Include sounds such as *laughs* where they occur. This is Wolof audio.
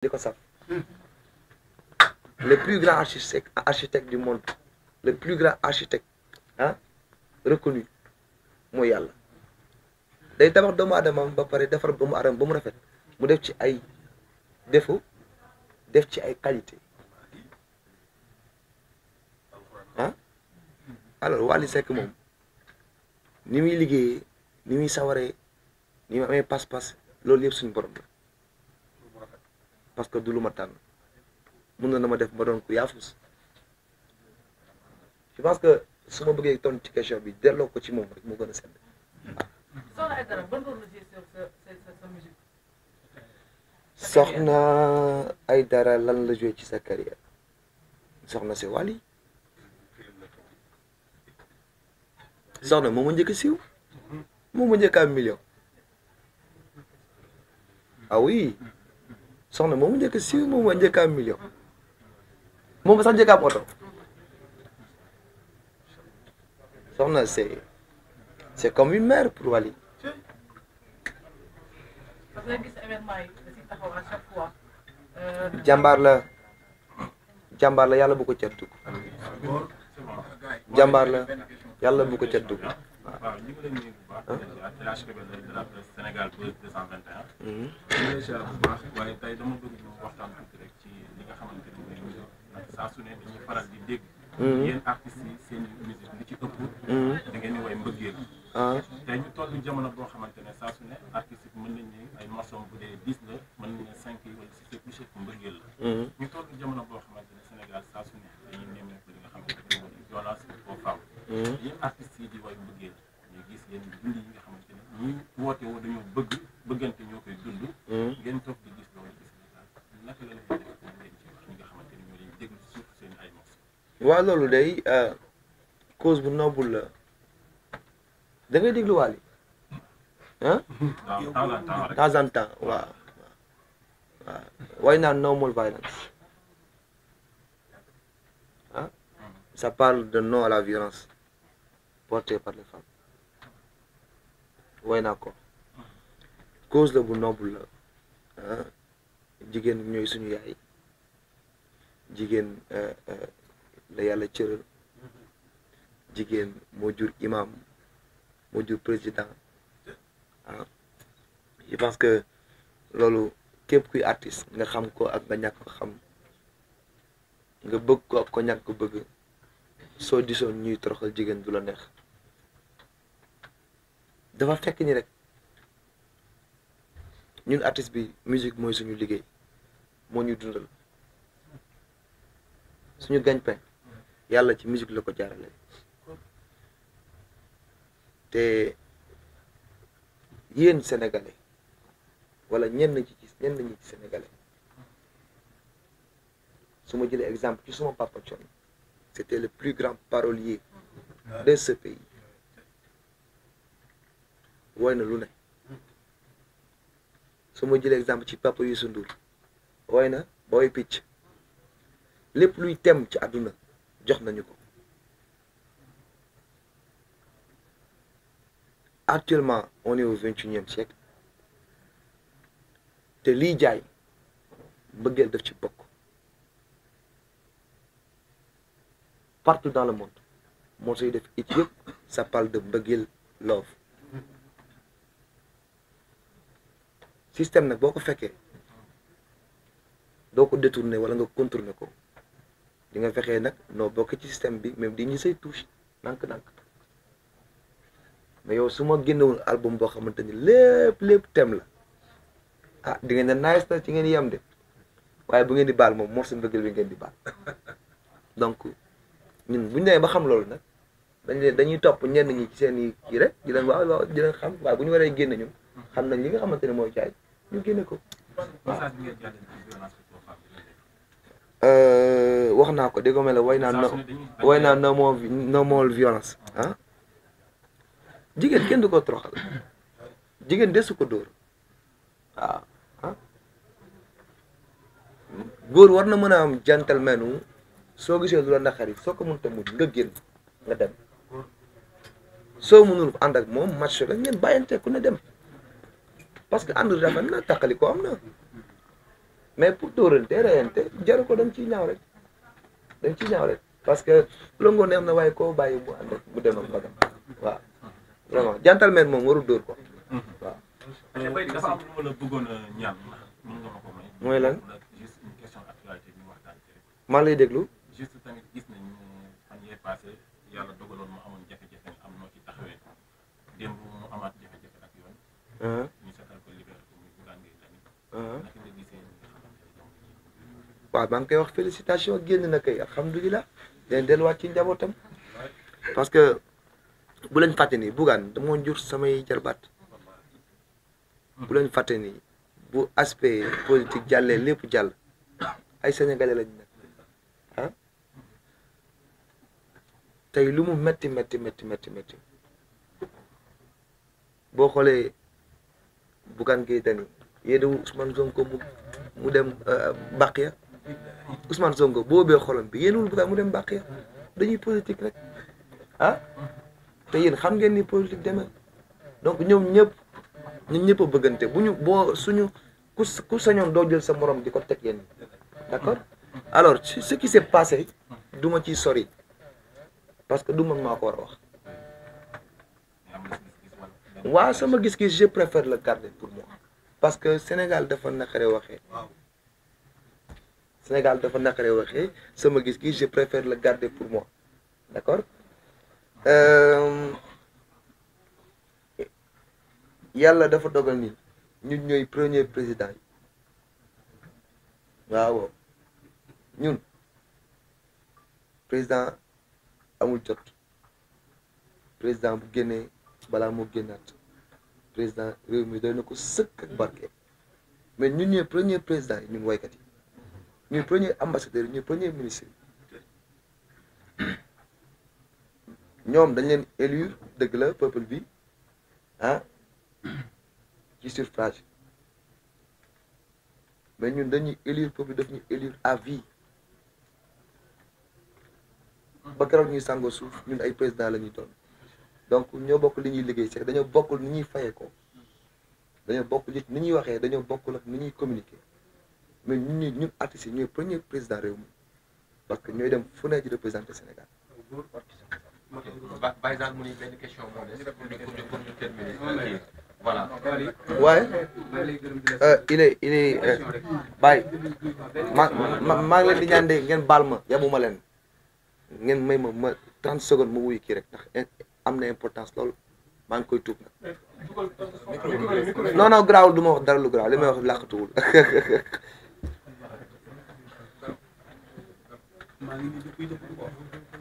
di ko saf le plus grand architecte architecte du monde le plus grand architecte ah reconnu mooy yàlla day tabax doomu aadama ba pare defar doomu aadama ba mu rafet mu def ci ay defo def ci ay qualité ah alors Wally Seck moom ni muy liggéeyee ni muy sawaree ni muy amee pas-pas loolu yëpp suñu borom la parce que du lu ma tànn mun na na ma def ma doon ku yaafus je pense que su ma bëggee tontu ci question bi delloo ko ci moom rek mu gën a sedd. soxna Aïdara ban la lan la joué ci sa carrière soxna si Wally soxna moom a njëkk siiw moom njëkk am million ah oui. soxna moomu njëkk a siiw moomu njëkk a am million moomu sax njëkk a am oto soxna c'est c'est comme une mère pour Wally. jàmbaar la jàmbaar la yàlla bu ko cat dugg la yàlla bu ko cat Sénégal Buzz 221. ñu bu baax waaye tey dama bëgg ñu waxtaan rek ci li nga xamante ne mooy musique saa su ne dañuy faral di dégg. Hmm. yéen artistes seen li ci ëpp. Hmm. da ngeen di woy mbëggeel. Ah. tey ñu toll jamono boo xamante ne saa su ne artistes mën nañu ni ay morceaux bu dee dix la mën nañu ne cinq yi wala six la. Hmm. ñu toll jamono boo xamante ne Sénégal saa su ne dañuy nemmeeku li nga xamante ne mooy violence boo faaw. yéen artistes yi di woy mbëggeel. yéen dund bëgg bëggante ñoo mm. loolu gis naka nga xamante ne ñoo leen déglu ay mos waaw loolu day euh, bu noble la da ngay déglu waali ah temps en temps waaw waaw way violence ah parle de non à la violence portée par les femmes way naa ko cause la bu noble la ah, jigéen ñooy suñu yaay jigéen eh, eh, la yàlla cëral jigéen moo jur imam moo jur président ah je pense que loolu képp kuy artiste nga xam ko ak nga ñàkk ko xam nga bëgg ko ak ko ñàkk ko bëgg soo disoon ñuy toroxal jigéen du la neex dafa fekk ñi rek ñun artiste bi musique mooy suñu liggéey moo ñu dundal suñu gagne-pain yàlla ci musique la ko jaarale te yéen sénégalais wala ñenn ñi ci ñenn ñi ci sénégalais su ma jëlee exemple ci suma papa Thione c'était le plus grand parolier de ce pays woy na lu ne su ma jëlee exemple ci papa Youssou Ndour woy na booy picc lépp luy tem ci àdduna jox nañu ko actuellement on est au vingt unième siècle te lii jaay mbëggeel daf ci bokk partout dans le monde moo say def it yëpp ça parle de mbëggeel love système nag boo ko fekkee doo ko détourné wala nga contourné ko di nga fexee nag noo bokk ci système bi même di ñu say touche nànk-nànk mais yow su ma génnewul album boo xamante ni lépp lépp thème la ah di ne nice na ci ngeen yem de waaye bu ngeen di baal moom morceau mbëggeel bi ngeen di baal *laughs* donc ñun bu ñu ba xam loolu nag dañ leen dañuy topp ñenn ñi ci seen i kii rek di leen waaw waaw leen xam waaye bu ñu waree génne ñu xam nañ li nga xamante ne mooy caay ñu génne ko. Euh, wax naa ko déggoo mel ne way naa no way naa no more no more violence ah? jigéen kenn du ko toroxal jigéen desu ko dóor waaw ah, ah? góor war na mën a am gentleman wu soo gisee lu la naqari soo ko mënta muñ nga génn nga dem soo mënul ànd ak moom match la ngeen bàyyante ku ne dem parce que ànd rafet na taqali ko am na mais pour dóorante reyante jaru ko dañ ci ñaaw rek dañ ciy ñaaw rek parce que longo ne am na waaye koo bàyyi mu ànd ak mu demam bagam waaw vraiment moom warul dóor ko waaw. a lay déglu. juste tamit gis nañu fan waaw maa ngi koy wax félicitation génn na kay alhamdulilah leen delluwaat ci njabootam parce que bu leen fàtte ni Bougane dama jur samay jarbaat bu leen fàtte ni bu aspect politique jàllee lépp jàll ay sénégalais lañ nag ah? tey lu mu metti metti metti metti boo xoolee Bougane Gueye yéen Ousmane Sonko mu mu dem euh, bàq ya Ousmane Sonko boo bee bi yéen wul ko mu dem bàq ya dañuy politique rek ah te yéen xam ngeen ni politique demee donc ñoom ñëpp ñun ñëpp bëggante bu ñu boo suñu ku ku doo jël sa moroom di ko teg yéen d'accord alors ce qui s'est passé du ma ciy sori parce que du man maa ko war a wax waa sama gis-gis je préfère le garder pour moi. parce que Sénégal dafa naqare waxee Sénégal dafa naqare waxee sama gis-gis je préfère le garder pour moi d'accord euh, yàlla dafa dogal ni ñu ñooy premier président yi waaw ñun président amul jot président bu génnee balaa moo génnaat président réew mi doy ko sëkk ak barke mais ñun ñooy premier président yi ñun waykat yi ñooy premier ambassadeur yi ñooy premier ministre yi ñoom dañ leen élire dëgg la peuple bi ah ci suffrage mais ñun dañuy élire peuple daf ñuy élire à vie ba keroog ñuy sàngoo suuf ñun ay président la ñuy doon donc ñoo bokk li ñuy liggéey c'est dañoo bokkul ni ñuy fayee ko dañoo bokk it ni ñuy waxee dañoo bokkul ak ni ñuy communiquer mais ñun ñuy ñun artistes yi premier président réew mi parce que ñooy dem fu ne di représenter Sénégal. Baye Zane ne voilà. waaye il est il est euh, Baye ma maa ngi leen di ñaan de ngeen baal ma yabuma leen ngeen may ma ma 30 secondes ma kii rek am na importance loolu maa ngi koy tuub nag. Eh, du ma dara lu garaaw li may wax làqatuwul. maa